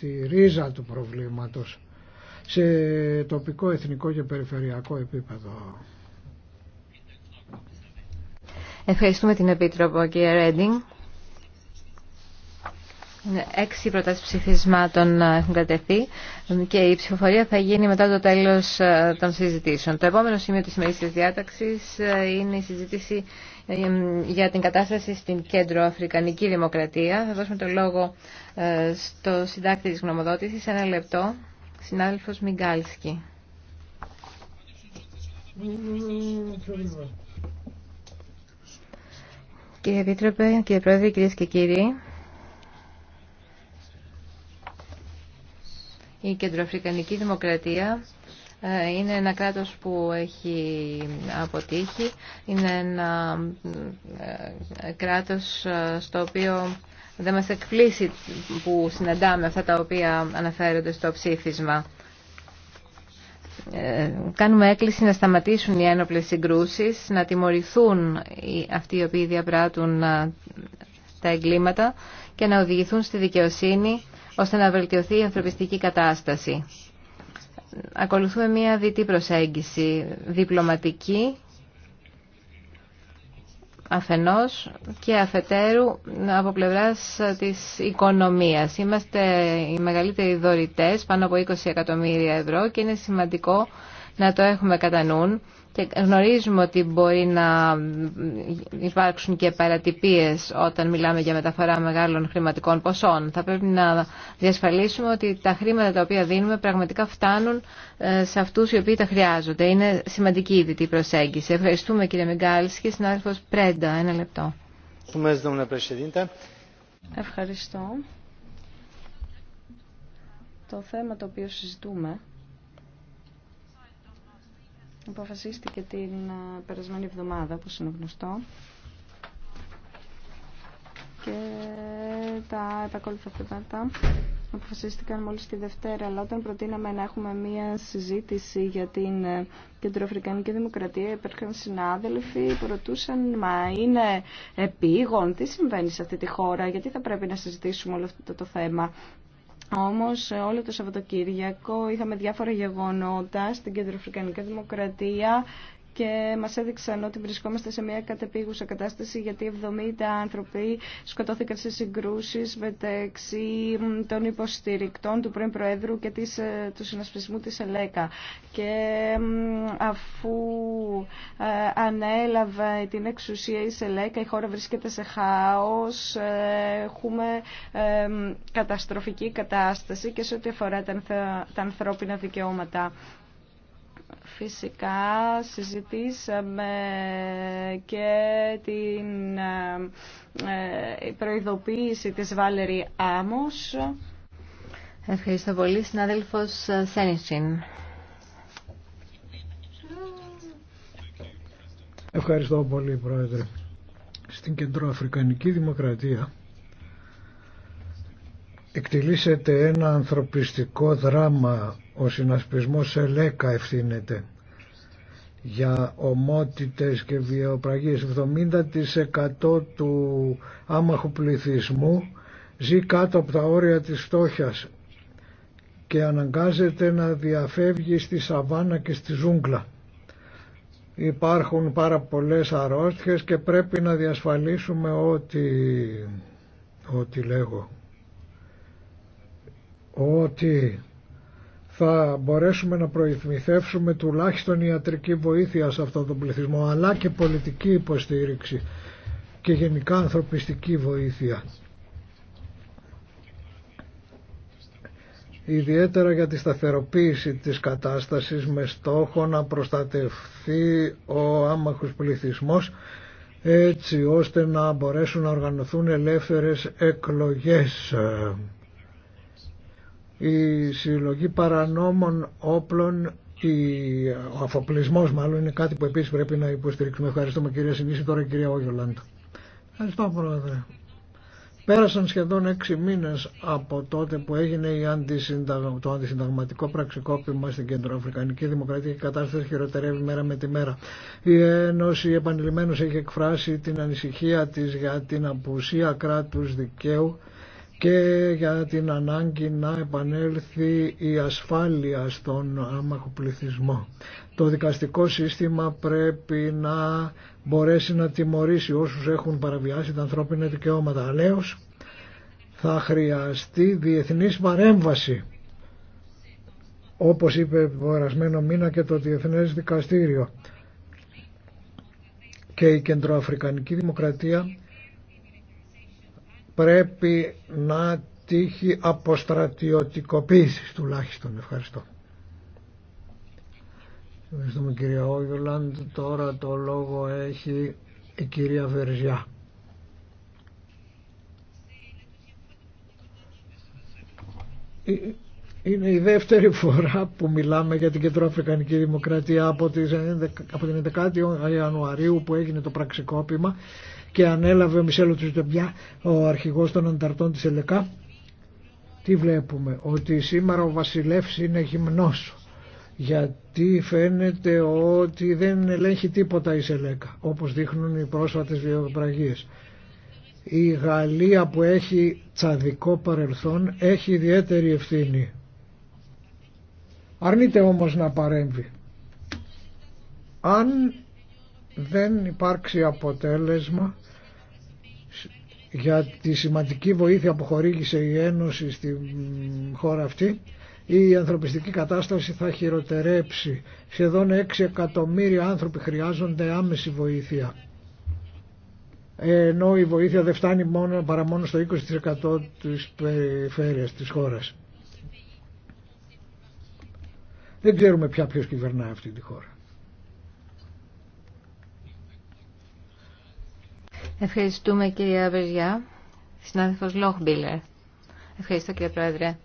τη ρίζα του προβλήματος σε τοπικό, εθνικό και περιφερειακό επίπεδο. Ευχαριστούμε την Επίτροπο κύριε Ρέντινγκ. Έξι προτάσεις ψηφισμάτων έχουν κατευθεί και η ψηφοφορία θα γίνει μετά το τέλος ε, των συζητήσεων. Το επόμενο σημείο της σημερινής διάταξης ε, είναι η συζήτηση για την κατάσταση στην Κέντρο Αφρικανική Δημοκρατία. Θα δώσουμε το λόγο ε, στο συντάκτη της γνωμοδότησης. Ένα λεπτό. Συνάδελφος Μιγκάλσκι. Κύριε Επίτροπε, κύριε Πρόεδρε, κυρίες και κύριοι, η Κεντροαφρικανική Δημοκρατία ε, είναι ένα κράτος που έχει αποτύχει. Είναι ένα ε, κράτος ε, στο οποίο δεν μας εκπλήσει που συναντάμε αυτά τα οποία αναφέρονται στο ψήφισμα. Κάνουμε έκκληση να σταματήσουν οι ένοπλες συγκρούσεις, να τιμωρηθούν αυτοί οι οποίοι διαπράττουν τα εγκλήματα και να οδηγηθούν στη δικαιοσύνη ώστε να βελτιωθεί η ανθρωπιστική κατάσταση ακολουθούμε μία διτή προσέγγιση, διπλωματική αφενός και αφετέρου από πλευράς της οικονομίας. Είμαστε οι μεγαλύτεροι δωρητές, πάνω από 20 εκατομμύρια ευρώ και είναι σημαντικό να το έχουμε κατά νου και γνωρίζουμε ότι μπορεί να υπάρξουν και παρατυπίες όταν μιλάμε για μεταφορά μεγάλων χρηματικών ποσών. Θα πρέπει να διασφαλίσουμε ότι τα χρήματα τα οποία δίνουμε πραγματικά φτάνουν ε, σε αυτούς οι οποίοι τα χρειάζονται. Είναι σημαντική η δυτή προσέγγιση. Ευχαριστούμε κύριε και Συνάδελφος Πρέντα, ένα λεπτό. Ευχαριστώ. Το θέμα το οποίο συζητούμε αποφασίστηκε την ε, περασμένη εβδομάδα, όπως είναι γνωστό, και τα επακόλουθα θέματα αποφασίστηκαν μόλις τη Δευτέρα, αλλά όταν προτείναμε να έχουμε μία συζήτηση για την ε, Κεντροαφρικανική Δημοκρατία, υπέρχαν συνάδελφοι που ρωτούσαν, μα είναι επίγον, τι συμβαίνει σε αυτή τη χώρα, γιατί θα πρέπει να συζητήσουμε όλο αυτό το θέμα. Όμως όλο το Σαββατοκύριακο είχαμε διάφορα γεγονότα στην Κεντροαφρικανική Δημοκρατία και μας έδειξαν ότι βρισκόμαστε σε μια κατεπίγουσα κατάσταση γιατί 70 άνθρωποι σκοτώθηκαν σε συγκρούσεις μεταξύ των υποστηρικτών του πρώην Προέδρου και της, ε, του συνασπισμού της ΕΛΕΚΑ. Και αφού ε, ανέλαβε την εξουσία η ΕΛΕΚΑ, η χώρα βρίσκεται σε χάος, ε, έχουμε καταστροφική κατάσταση και σε ό,τι αφορά τα ανθρώπινα δικαιώματα. Φυσικά συζητήσαμε και την ε, ε, προειδοποίηση της Βάλερη Άμος. Ευχαριστώ πολύ. Συνάδελφος Σένισιν. Ευχαριστώ πολύ, Πρόεδρε. Στην Κεντροαφρικανική Δημοκρατία εκτιλήσεται ένα ανθρωπιστικό δράμα, ο συνασπισμός ΕΛΕΚΑ ευθύνεται για ομότητες και βιοπραγίες. 70% του άμαχου πληθυσμού ζει κάτω από τα όρια της φτώχειας και αναγκάζεται να διαφεύγει στη σαβάνα και στη ζούγκλα. Υπάρχουν πάρα πολλές αρρώστιες και πρέπει να διασφαλίσουμε ό,τι, ό,τι λέγω ότι θα μπορέσουμε να προηθμηθεύσουμε τουλάχιστον ιατρική βοήθεια σε αυτόν τον πληθυσμό αλλά και πολιτική υποστήριξη και γενικά ανθρωπιστική βοήθεια. ιδιαίτερα για τη σταθεροποίηση της κατάστασης με στόχο να προστατευθεί ο άμαχος πληθυσμός έτσι ώστε να μπορέσουν να οργανωθούν ελεύθερες εκλογές η συλλογή παρανόμων όπλων ο αφοπλισμό μάλλον είναι κάτι που επίση πρέπει να υποστηρίξουμε. Ευχαριστούμε κυρία Συνήση, τώρα κυρία Όγιολάντ. Ευχαριστώ πρόεδρε. Πέρασαν σχεδόν έξι μήνες από τότε που έγινε η το αντισυνταγματικό πραξικόπημα στην Κεντροαφρικανική Δημοκρατία και η κατάσταση χειροτερεύει μέρα με τη μέρα. Η Ένωση επανειλημμένω έχει εκφράσει την ανησυχία τη για την απουσία κράτου δικαίου και για την ανάγκη να επανέλθει η ασφάλεια στον άμαχο πληθυσμό. Το δικαστικό σύστημα πρέπει να μπορέσει να τιμωρήσει όσους έχουν παραβιάσει τα ανθρώπινα δικαιώματα. Αλλαίως θα χρειαστεί διεθνής παρέμβαση όπως είπε περασμένο μήνα και το Διεθνές Δικαστήριο και η Κεντροαφρικανική Δημοκρατία πρέπει να τύχει αποστρατιωτικοποίησης τουλάχιστον. Ευχαριστώ. Ευχαριστούμε κυρία Όγιολαντ. Τώρα το λόγο έχει η κυρία Βερζιά. Ε, είναι η δεύτερη φορά που μιλάμε για την Κεντροαφρικανική Δημοκρατία από την 11η Ιανουαρίου που έγινε το πραξικόπημα και ανέλαβε ο Μισελο ο αρχηγός των ανταρτών της ΕΛΕΚΑ, τι βλέπουμε, ότι σήμερα ο βασιλεύς είναι γυμνός, γιατί φαίνεται ότι δεν ελέγχει τίποτα η ΣΕΛΕΚΑ, όπως δείχνουν οι πρόσφατες βιοπραγίες. Η Γαλλία που έχει τσαδικό παρελθόν έχει ιδιαίτερη ευθύνη. Αρνείται όμως να παρέμβει. Αν δεν υπάρξει αποτέλεσμα για τη σημαντική βοήθεια που χορήγησε η Ένωση στη χώρα αυτή η ανθρωπιστική κατάσταση θα χειροτερέψει. Σχεδόν 6 εκατομμύρια άνθρωποι χρειάζονται άμεση βοήθεια. Ενώ η βοήθεια δεν φτάνει μόνο, παρά μόνο στο 20% της περιφέρειας της χώρας. Δεν ξέρουμε πια ποιος κυβερνάει αυτή τη χώρα. Ευχαριστούμε κυρία Βεριά. Συνάδελφος Λόχμπίλερ. Ευχαριστώ κύριε Πρόεδρε.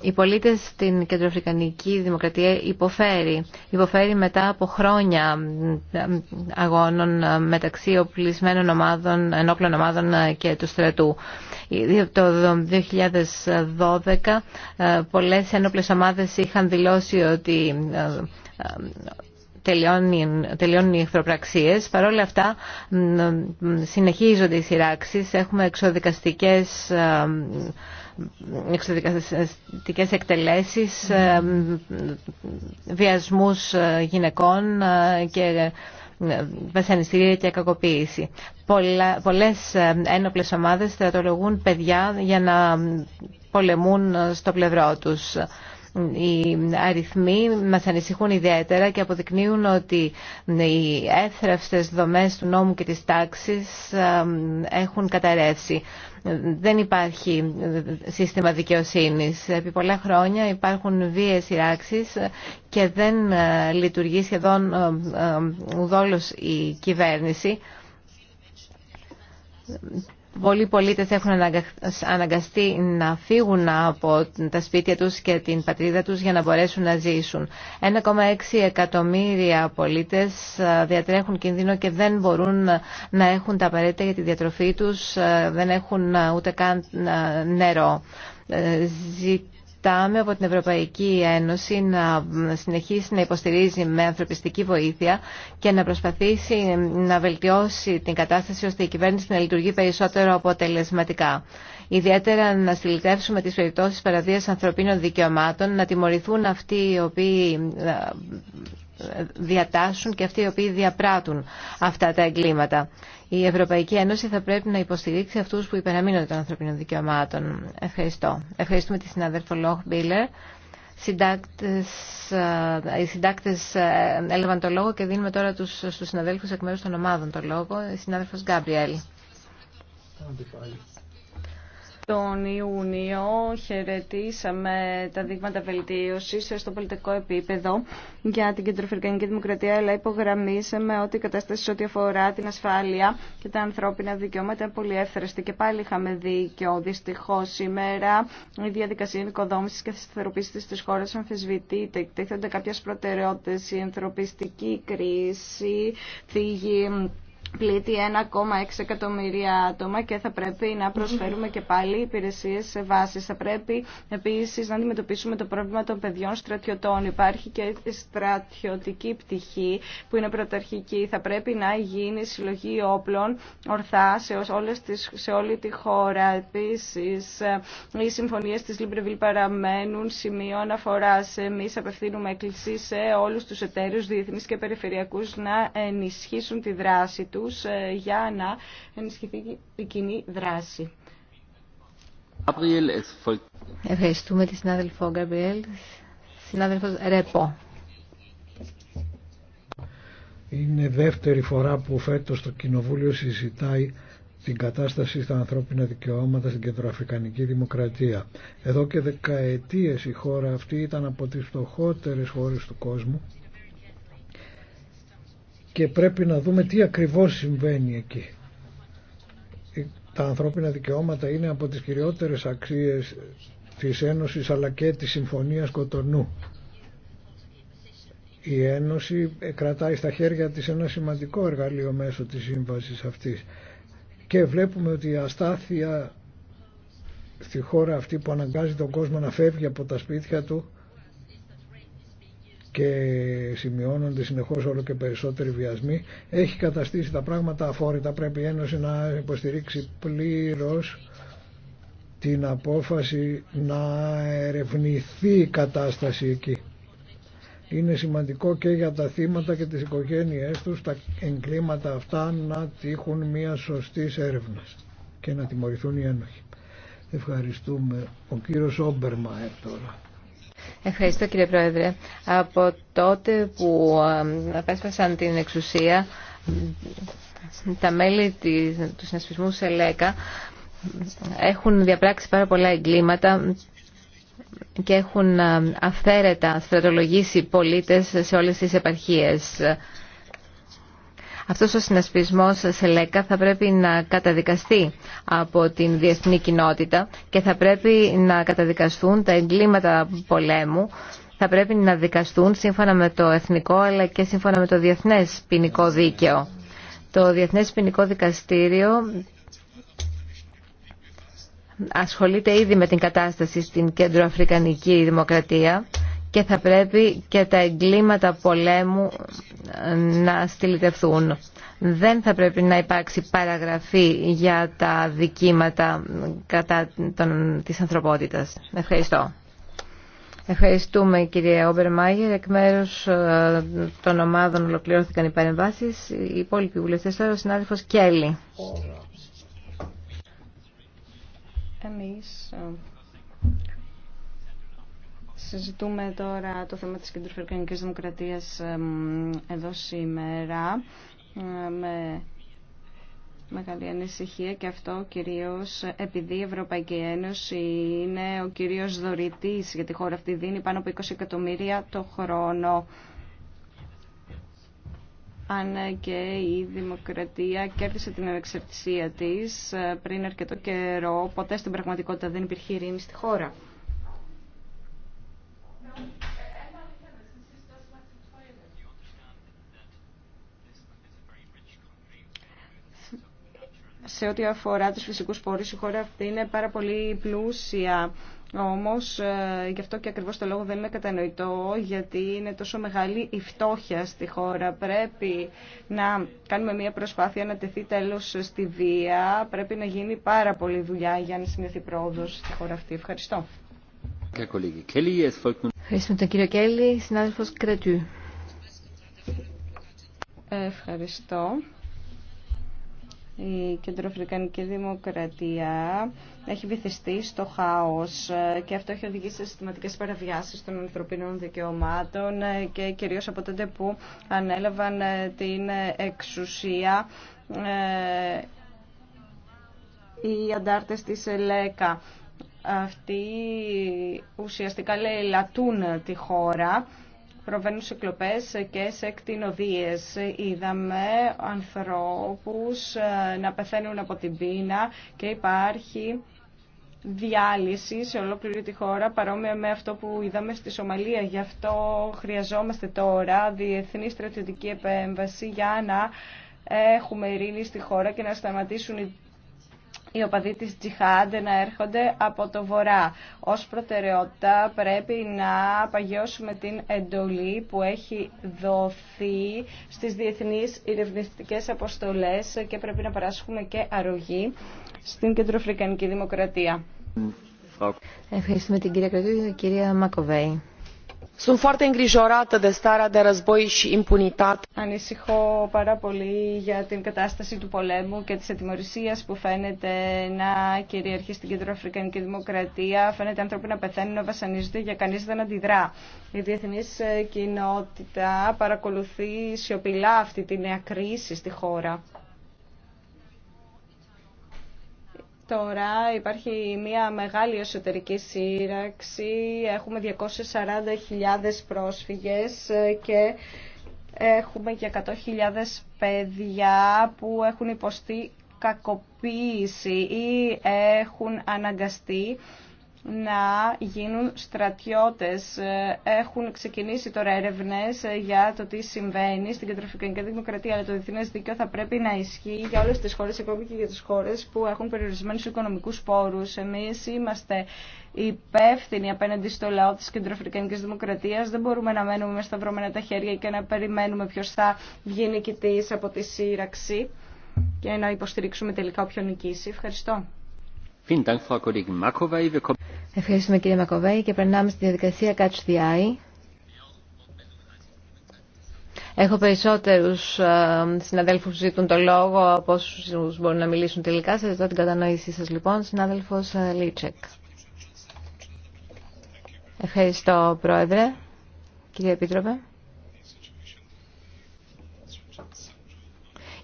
Οι πολίτες στην Κεντροαφρικανική Δημοκρατία υποφέρει. Υποφέρει μετά από χρόνια αγώνων μεταξύ οπλισμένων ομάδων, ενόπλων ομάδων ε, και του στρατού. Το 2012 ε, πολλές ενόπλες ομάδες είχαν δηλώσει ότι ε, τελειώνουν, τελειώνουν οι εχθροπραξίες. Παρ' όλα αυτά συνεχίζονται οι σειράξει, Έχουμε εξοδικαστικές ε, εξοδικαστικές εκτελέσεις, ε, βιασμούς ε, γυναικών και βασανιστήρια και κακοποίηση. Πολλέ πολλές ένοπλες ομάδες στρατολογούν παιδιά για να πολεμούν στο πλευρό τους. Οι αριθμοί μας ανησυχούν ιδιαίτερα και αποδεικνύουν ότι οι έθραυστες δομές του νόμου και της τάξης έχουν καταρρεύσει. Δεν υπάρχει σύστημα δικαιοσύνης. Επί πολλά χρόνια υπάρχουν βίες σειράξεις και δεν ε, λειτουργεί σχεδόν ουδόλως η κυβέρνηση πολλοί πολίτες έχουν αναγκαστεί να φύγουν από τα σπίτια τους και την πατρίδα τους για να μπορέσουν να ζήσουν. 1,6 εκατομμύρια πολίτε ε, διατρέχουν κινδύνο και δεν μπορούν ε, να έχουν τα απαραίτητα για τη διατροφή τους, ε, δεν έχουν ούτε καν νερό ζητάμε από την Ευρωπαϊκή Ένωση να συνεχίσει να υποστηρίζει με ανθρωπιστική βοήθεια και να προσπαθήσει να βελτιώσει την κατάσταση ώστε η κυβέρνηση να λειτουργεί περισσότερο αποτελεσματικά. Ιδιαίτερα να συλλητεύσουμε τις περιπτώσεις παραδείας ανθρωπίνων δικαιωμάτων, να τιμωρηθούν αυτοί οι οποίοι διατάσσουν και αυτοί οι οποίοι διαπράττουν αυτά τα εγκλήματα. Η Ευρωπαϊκή Ένωση θα πρέπει να υποστηρίξει αυτούς που υπεραμείνονται των ανθρωπίνων δικαιωμάτων. Ευχαριστώ. Ευχαριστούμε τη συνάδελφο Λόχ Μπίλερ. Ε, οι συντάκτες ε, έλαβαν το λόγο και δίνουμε τώρα τους, στους συναδέλφους εκ μέρους των ομάδων το λόγο. Η συνάδελφος Γκάμπριελ τον Ιούνιο χαιρετήσαμε τα δείγματα βελτίωση στο πολιτικό επίπεδο για την Κεντροφυρκανική δημοκρατία, αλλά υπογραμμίσαμε ότι η κατάσταση ό,τι αφορά την ασφάλεια και τα ανθρώπινα δικαιώματα είναι πολύ εύθραστη και πάλι είχαμε δίκιο. Δυστυχώ σήμερα η διαδικασία οικοδόμηση και θεστεροποίηση τη χώρα αμφισβητείται. Εκτίθενται κάποιε προτεραιότητε, η ανθρωπιστική κρίση, θίγει πλήττει 1,6 εκατομμύρια άτομα και θα πρέπει να προσφέρουμε και πάλι υπηρεσίες σε βάση. Θα πρέπει επίσης να αντιμετωπίσουμε το πρόβλημα των παιδιών στρατιωτών. Υπάρχει και η στρατιωτική πτυχή που είναι πρωταρχική. Θα πρέπει να γίνει συλλογή όπλων ορθά σε, όλες τις, σε όλη τη χώρα. Επίσης, οι συμφωνίες της Λίμπρεβιλ παραμένουν σημείο αναφορά. Εμεί απευθύνουμε έκκληση σε όλους τους εταίρους διεθνεί και περιφερειακούς να ενισχύσουν τη δράση του ε, για να ενισχυθεί η κοινή δράση. Ευχαριστούμε τη συνάδελφο Γκαμπριέλ. συνάδελφο. Ρεπό. Είναι δεύτερη φορά που φέτος το Κοινοβούλιο συζητάει την κατάσταση στα ανθρώπινα δικαιώματα στην κεντροαφρικανική δημοκρατία. Εδώ και δεκαετίες η χώρα αυτή ήταν από τις φτωχότερες χώρες του κόσμου και πρέπει να δούμε τι ακριβώς συμβαίνει εκεί. Ε, τα ανθρώπινα δικαιώματα είναι από τις κυριότερες αξίες της Ένωσης αλλά και της Συμφωνίας Κοτονού. Η Ένωση κρατάει στα χέρια της ένα σημαντικό εργαλείο μέσω της σύμβασης αυτής και βλέπουμε ότι η αστάθεια στη χώρα αυτή που αναγκάζει τον κόσμο να φεύγει από τα σπίτια του και σημειώνονται συνεχώς όλο και περισσότεροι βιασμοί έχει καταστήσει τα πράγματα αφόρητα πρέπει η Ένωση να υποστηρίξει πλήρως την απόφαση να ερευνηθεί η κατάσταση εκεί είναι σημαντικό και για τα θύματα και τις οικογένειές τους τα εγκλήματα αυτά να τύχουν μια σωστή έρευνα και να τιμωρηθούν οι ένοχοι. Ευχαριστούμε. Ο κύριος Όμπερμα τώρα. Ευχαριστώ κύριε Πρόεδρε. Από τότε που απέσπασαν την εξουσία τα μέλη της, του συνασπισμού ΣΕΛΕΚΑ έχουν διαπράξει πάρα πολλά εγκλήματα και έχουν αυθαίρετα στρατολογήσει πολίτες σε όλες τις επαρχίες. Αυτός ο συνασπισμός σε ΛΕΚΑ θα πρέπει να καταδικαστεί από την διεθνή κοινότητα και θα πρέπει να καταδικαστούν τα εγκλήματα πολέμου θα πρέπει να δικαστούν σύμφωνα με το εθνικό αλλά και σύμφωνα με το διεθνές ποινικό δίκαιο. Το Διεθνές Ποινικό Δικαστήριο ασχολείται ήδη με την κατάσταση στην Κέντρο Αφρικανική Δημοκρατία και θα πρέπει και τα εγκλήματα πολέμου να στυλιτευθούν. Δεν θα πρέπει να υπάρξει παραγραφή για τα δικήματα κατά των, της ανθρωπότητας. Ευχαριστώ. Ευχαριστούμε κύριε Όμπερ Μάγερ. Εκ μέρου ε, των ομάδων ολοκληρώθηκαν οι παρεμβάσεις. Οι υπόλοιποι βουλευτέ τώρα ο συνάδελφο Κέλλη. Ε, Συζητούμε τώρα το θέμα της κεντροφερκανικής δημοκρατίας εδώ σήμερα ε, με μεγάλη ανησυχία και αυτό κυρίως επειδή η Ευρωπαϊκή Ένωση είναι ο κυρίως δωρητής για τη χώρα αυτή δίνει πάνω από 20 εκατομμύρια το χρόνο αν και η δημοκρατία κέρδισε την ανεξαρτησία της ε, πριν αρκετό καιρό, ποτέ στην πραγματικότητα δεν υπήρχε ειρήνη στη χώρα. σε ό,τι αφορά τους φυσικούς πόρους η χώρα αυτή είναι πάρα πολύ πλούσια. Όμως ε, γι' αυτό και ακριβώς το λόγο δεν είναι κατανοητό γιατί είναι τόσο μεγάλη η φτώχεια στη χώρα. Πρέπει να κάνουμε μια προσπάθεια να τεθεί τέλος στη βία. Πρέπει να γίνει πάρα πολύ δουλειά για να σημειωθεί πρόοδος στη χώρα αυτή. Ευχαριστώ. Ευχαριστούμε τον κύριο Κέλλη, συνάδελφος Ευχαριστώ η κεντροαφρικανική δημοκρατία έχει βυθιστεί στο χάος και αυτό έχει οδηγήσει σε συστηματικές παραβιάσεις των ανθρωπίνων δικαιωμάτων και κυρίως από τότε που ανέλαβαν την εξουσία ε, οι αντάρτες της ΕΛΕΚΑ. Αυτοί ουσιαστικά λατούν τη χώρα προβαίνουν σε και σε κτηνοδίες. Είδαμε ανθρώπους ε, να πεθαίνουν από την πείνα και υπάρχει διάλυση σε ολόκληρη τη χώρα παρόμοια με αυτό που είδαμε στη Σομαλία. Γι' αυτό χρειαζόμαστε τώρα διεθνή στρατιωτική επέμβαση για να έχουμε ειρήνη στη χώρα και να σταματήσουν οι οι οπαδοί της Τζιχάντε να έρχονται από το βορρά. Ως προτεραιότητα πρέπει να παγιώσουμε την εντολή που έχει δοθεί στις διεθνείς ειρευνητικές αποστολές και πρέπει να παράσχουμε και αρρωγή στην Κεντροαφρικανική Δημοκρατία. Ευχαριστούμε την κυρία Κρατήρια και την κυρία Μακοβέη. Sunt foarte îngrijorată πάρα πολύ για την κατάσταση του πολέμου και της ατιμορρησίας που φαίνεται να κυριαρχεί στην κεντροαφρικανική δημοκρατία. Φαίνεται άνθρωποι να πεθαίνουν, να βασανίζονται για κανείς δεν αντιδρά. Η διεθνής ε, κοινότητα παρακολουθεί σιωπηλά αυτή τη νέα κρίση στη χώρα. Τώρα υπάρχει μια μεγάλη εσωτερική σύραξη, έχουμε 240.000 πρόσφυγες και έχουμε και 100.000 παιδιά που έχουν υποστεί κακοποίηση ή έχουν αναγκαστεί να γίνουν στρατιώτες. Ε, έχουν ξεκινήσει τώρα έρευνες ε, για το τι συμβαίνει στην Κεντροαφρικανική Δημοκρατία, αλλά το διεθνές δίκαιο θα πρέπει να ισχύει για όλες τις χώρες, ακόμη και για τις χώρες που έχουν περιορισμένους οικονομικούς πόρους. Εμείς είμαστε υπεύθυνοι απέναντι στο λαό της Κεντροφρικανικής Δημοκρατίας. Δεν μπορούμε να μένουμε με σταυρωμένα τα χέρια και να περιμένουμε ποιο θα βγει νικητής από τη σύραξη και να υποστηρίξουμε τελικά όποιον νικήσει. Ευχαριστώ. Ευχαριστούμε κύριε Μακοβέη και περνάμε στη διαδικασία Catch the Eye. Έχω περισσότερους ε, συναδέλφους που ζητούν το λόγο από όσους μπορούν να μιλήσουν τελικά. Σας ζητώ την κατανόησή σας λοιπόν, συνάδελφος ε, Λίτσεκ. Ευχαριστώ Πρόεδρε, κύριε Επίτροπε.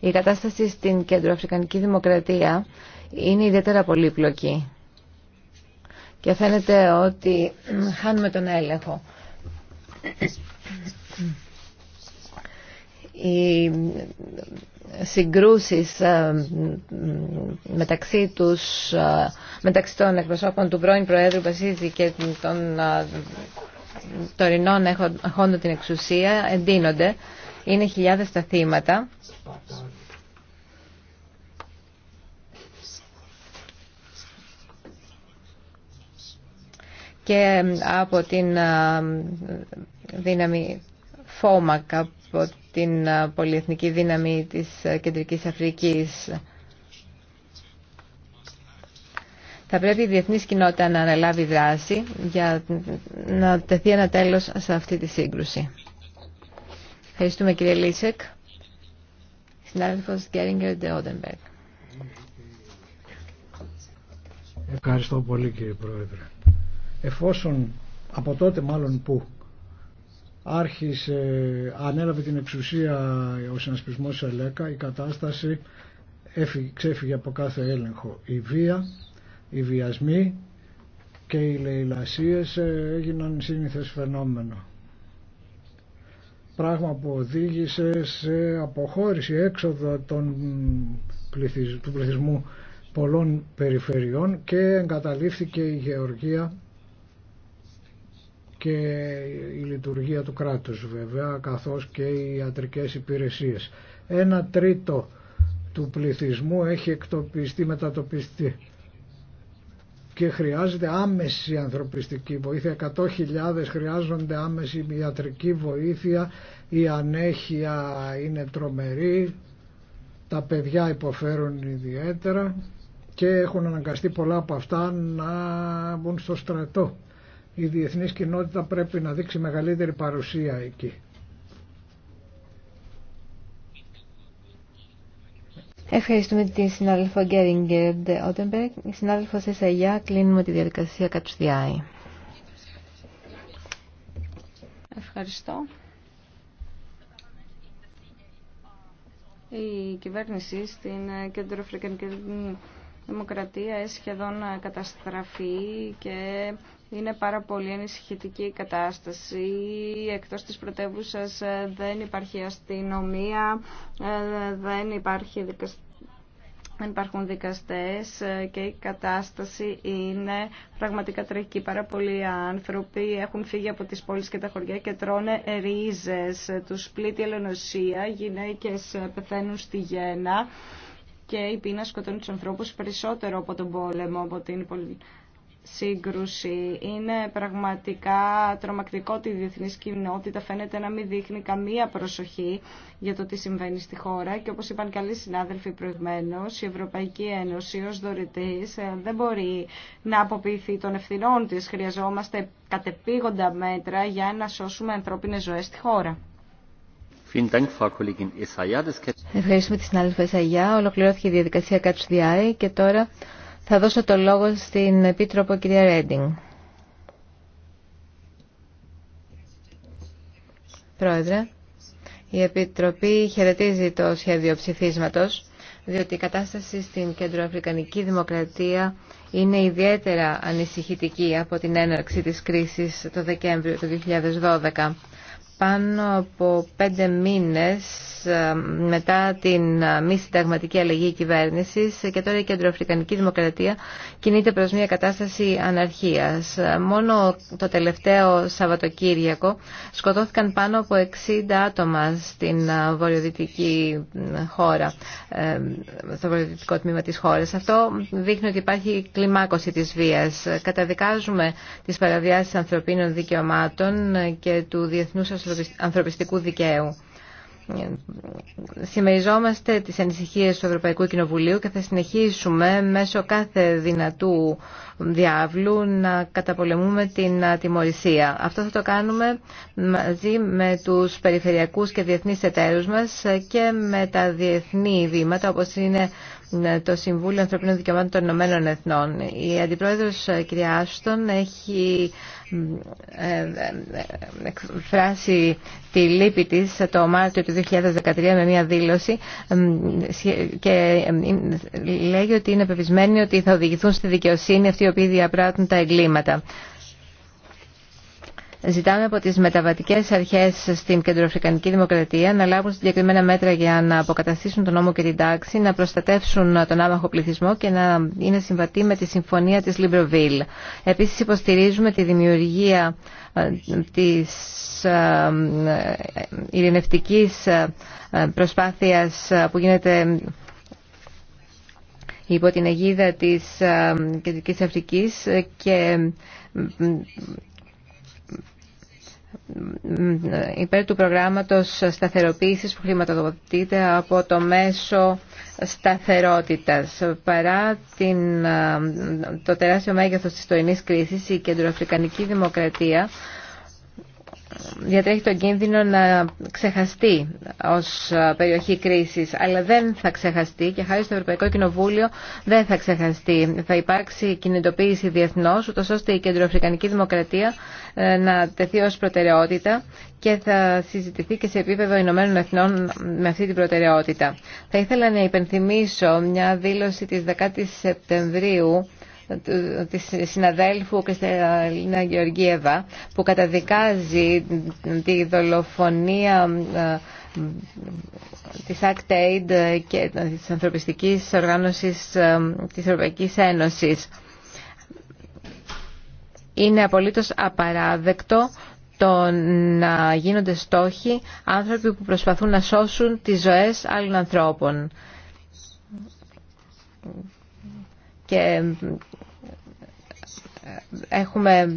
Η κατάσταση στην Κέντρο Αφρικανική Δημοκρατία είναι ιδιαίτερα πολύπλοκη και φαίνεται ότι χάνουμε τον έλεγχο. Οι συγκρούσεις ε, μεταξύ, τους, ε, μεταξύ των εκπροσώπων του πρώην Προέδρου Πασίζη και των ε, τωρινών έχοντων την εξουσία εντείνονται. Είναι χιλιάδες τα θύματα και από την δύναμη ΦΟΜΑΚ, από την πολυεθνική δύναμη της Κεντρικής Αφρικής. Θα πρέπει η διεθνής κοινότητα να αναλάβει δράση για να τεθεί ένα τέλος σε αυτή τη σύγκρουση. Ευχαριστούμε κύριε Λίσεκ. Συνάδελφος Γκέριγκερ Ντεόντεμπεργκ. Ευχαριστώ πολύ κύριε Πρόεδρε εφόσον από τότε μάλλον που άρχισε, ανέλαβε την εξουσία ο συνασπισμός ΕΛΕΚΑ, η κατάσταση ξέφυγε από κάθε έλεγχο. Η βία, οι βιασμοί και οι λαιλασίες ε, έγιναν σύνηθες φαινόμενο. Πράγμα που οδήγησε σε αποχώρηση, έξοδο των του πληθυσμού πολλών περιφερειών και εγκαταλείφθηκε η γεωργία και η λειτουργία του κράτους βέβαια καθώς και οι ιατρικές υπηρεσίες. Ένα τρίτο του πληθυσμού έχει εκτοπιστεί, μετατοπιστεί και χρειάζεται άμεση ανθρωπιστική βοήθεια. 100.000 χρειάζονται άμεση ιατρική βοήθεια, η ανέχεια είναι τρομερή, τα παιδιά υποφέρουν ιδιαίτερα και έχουν αναγκαστεί πολλά από αυτά να μπουν στο στρατό η διεθνής κοινότητα πρέπει να δείξει μεγαλύτερη παρουσία εκεί. Ευχαριστούμε την συνάδελφο Γκέριγκερ Ότεμπερκ. Η συνάδελφο Εσαγιά κλείνουμε τη διαδικασία κατσουδιάη. Ευχαριστώ. Η κυβέρνηση στην Κέντρο Αφρικανική Δημοκρατία έχει σχεδόν καταστραφεί και είναι πάρα πολύ ανησυχητική η κατάσταση. Εκτός της πρωτεύουσα ε, δεν υπάρχει αστυνομία, ε, δεν, υπάρχει δεν υπάρχουν δικαστές ε, και η κατάσταση είναι πραγματικά τραγική. Πάρα πολλοί άνθρωποι έχουν φύγει από τις πόλεις και τα χωριά και τρώνε ρίζες. Τους πλήττει ελονοσία, γυναίκες πεθαίνουν στη γέννα και η πείνα σκοτώνει τους ανθρώπους περισσότερο από τον πόλεμο, από την σύγκρουση. Είναι πραγματικά τρομακτικό ότι η ότι κοινότητα φαίνεται να μην δείχνει καμία προσοχή για το τι συμβαίνει στη χώρα και όπως είπαν καλοί συνάδελφοι προηγουμένω, η Ευρωπαϊκή Ένωση ως δωρητή ε, δεν μπορεί να αποποιηθεί των ευθυνών τη. Χρειαζόμαστε κατεπήγοντα μέτρα για να σώσουμε ανθρώπινε ζωέ στη χώρα. Ευχαριστούμε τη συνάδελφα εσαγιά, Ολοκληρώθηκε η διαδικασία Catch και τώρα θα δώσω το λόγο στην Επίτροπο κυρία Ρέντινγκ. Πρόεδρε, η Επιτροπή χαιρετίζει το σχέδιο ψηφίσματος, διότι η κατάσταση στην κεντροαφρικανική δημοκρατία είναι ιδιαίτερα ανησυχητική από την έναρξη της κρίσης το Δεκέμβριο του 2012 πάνω από πέντε μήνες ε, μετά την ε, μη συνταγματική αλλαγή κυβέρνησης ε, και τώρα η Κεντροαφρικανική Δημοκρατία κινείται προς μια κατάσταση αναρχίας. Μόνο το τελευταίο Σαββατοκύριακο σκοτώθηκαν πάνω από 60 άτομα στην βορειοδυτική χώρα, στο βορειοδυτικό τμήμα της χώρας. Αυτό δείχνει ότι υπάρχει κλιμάκωση της βίας. Καταδικάζουμε τις παραβιάσεις ανθρωπίνων δικαιωμάτων και του διεθνούς ανθρωπιστικού δικαίου. Συμμεριζόμαστε τις ανησυχίες του Ευρωπαϊκού Κοινοβουλίου και θα συνεχίσουμε μέσω κάθε δυνατού διάβλου να καταπολεμούμε την ατιμορρησία. Αυτό θα το κάνουμε μαζί με τους περιφερειακούς και διεθνείς εταίρους μας και με τα διεθνή βήματα όπως είναι ναι, το Συμβούλιο Ανθρωπίνων Δικαιωμάτων των Ηνωμένων Εθνών. Η Αντιπρόεδρος ε, κυρία Άστον έχει ε, ε, εκφράσει τη λύπη της το Μάρτιο του 2013 με μια δήλωση και λέει ότι είναι πεπισμένη ότι θα οδηγηθούν στη δικαιοσύνη αυτοί οι οποίοι διαπράττουν τα εγκλήματα. Ζητάμε από τις μεταβατικές αρχές στην Κεντροαφρικανική Δημοκρατία να λάβουν συγκεκριμένα μέτρα για να αποκαταστήσουν τον νόμο και την τάξη, να προστατεύσουν τον άμαχο πληθυσμό και να είναι συμβατή με τη συμφωνία της Λιμπροβίλ. Επίσης υποστηρίζουμε τη δημιουργία ε, της ε, ε, ειρηνευτικής προσπάθειας που γίνεται υπό την αιγίδα της Κεντρικής Αφρικής και υπέρ του προγράμματος σταθεροποίησης που χρηματοδοτείται από το μέσο σταθερότητας. Παρά την, το τεράστιο μέγεθος της τωρινής κρίσης, η κεντροαφρικανική δημοκρατία διατρέχει τον κίνδυνο να ξεχαστεί ως περιοχή κρίσης, αλλά δεν θα ξεχαστεί και χάρη στο Ευρωπαϊκό Κοινοβούλιο δεν θα ξεχαστεί. Θα υπάρξει κινητοποίηση διεθνώς, ούτως ώστε η κεντροαφρικανική δημοκρατία ε, να τεθεί ως προτεραιότητα και θα συζητηθεί και σε επίπεδο Ηνωμένων Εθνών με αυτή την προτεραιότητα. Θα ήθελα να υπενθυμίσω μια δήλωση της 10 Σεπτεμβρίου της συναδέλφου Κρυσταλίνα Γεωργίεβα που καταδικάζει τη δολοφονία ε, της Act και της ανθρωπιστικής οργάνωσης ε, της Ευρωπαϊκής Ένωσης. Είναι απολύτως απαράδεκτο το να γίνονται στόχοι άνθρωποι που προσπαθούν να σώσουν τις ζωές άλλων ανθρώπων και έχουμε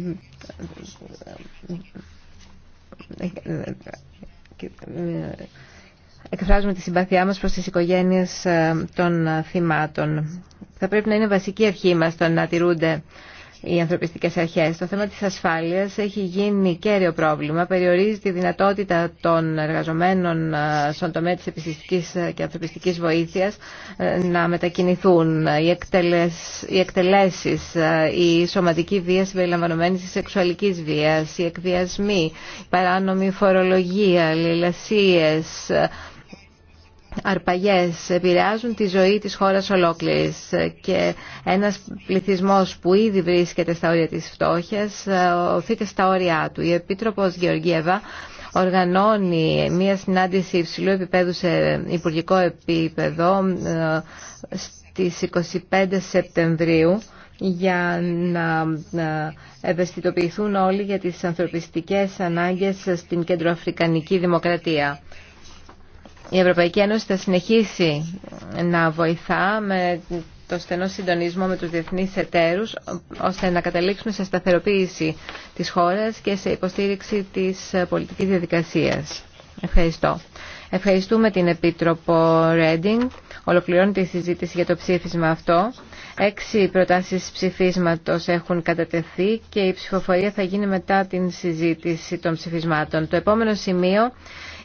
εκφράζουμε τη συμπαθιά μας προς τις οικογένειες ε, των θυμάτων. Θα πρέπει να είναι βασική αρχή μας το να τηρούνται οι ανθρωπιστικέ αρχέ. Το θέμα της ασφάλειας έχει γίνει κέριο πρόβλημα. Περιορίζει τη δυνατότητα των εργαζομένων ε, στον τομέα τη επιστημικής και ανθρωπιστικής βοήθειας ε, να μετακινηθούν. Οι, εκτελέσει, ε, η σωματική βία συμπεριλαμβανομένη τη σεξουαλική βίας, οι εκβιασμοί, η παράνομη φορολογία, λασίε, αρπαγές επηρεάζουν τη ζωή της χώρας ολόκληρης και ένας πληθυσμός που ήδη βρίσκεται στα όρια της φτώχειας ε, οθείται στα όρια του. Η Επίτροπος Γεωργίευα οργανώνει μια συνάντηση υψηλού επίπεδου σε υπουργικό επίπεδο ε, στις 25 Σεπτεμβρίου για να ε, ευαισθητοποιηθούν όλοι για τις ανθρωπιστικές ανάγκες στην Κεντροαφρικανική Δημοκρατία. Η Ευρωπαϊκή Ένωση θα συνεχίσει να βοηθά με το στενό συντονισμό με τους διεθνείς εταίρους ώστε να καταλήξουμε σε σταθεροποίηση της χώρας και σε υποστήριξη της πολιτικής διαδικασίας. Ευχαριστώ. Ευχαριστούμε την Επίτροπο Ρέντινγκ. Ολοκληρώνει τη συζήτηση για το ψήφισμα αυτό. Έξι προτάσεις ψηφίσματος έχουν κατατεθεί και η ψηφοφορία θα γίνει μετά την συζήτηση των ψηφισμάτων. Το επόμενο σημείο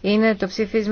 είναι το ψήφισμα